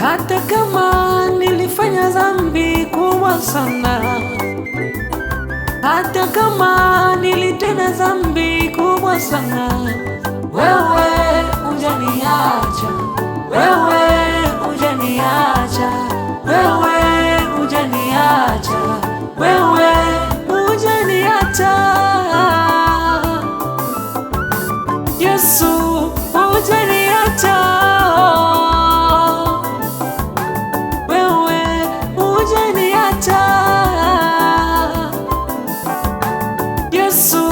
hata kama nilifanya dhambi kubwa sana, hata kama nilitenda dhambi kubwa sana, wewe hujaniacha, wewe hujaniacha, wewe hujaniacha, wewe hujaniacha Yesu isso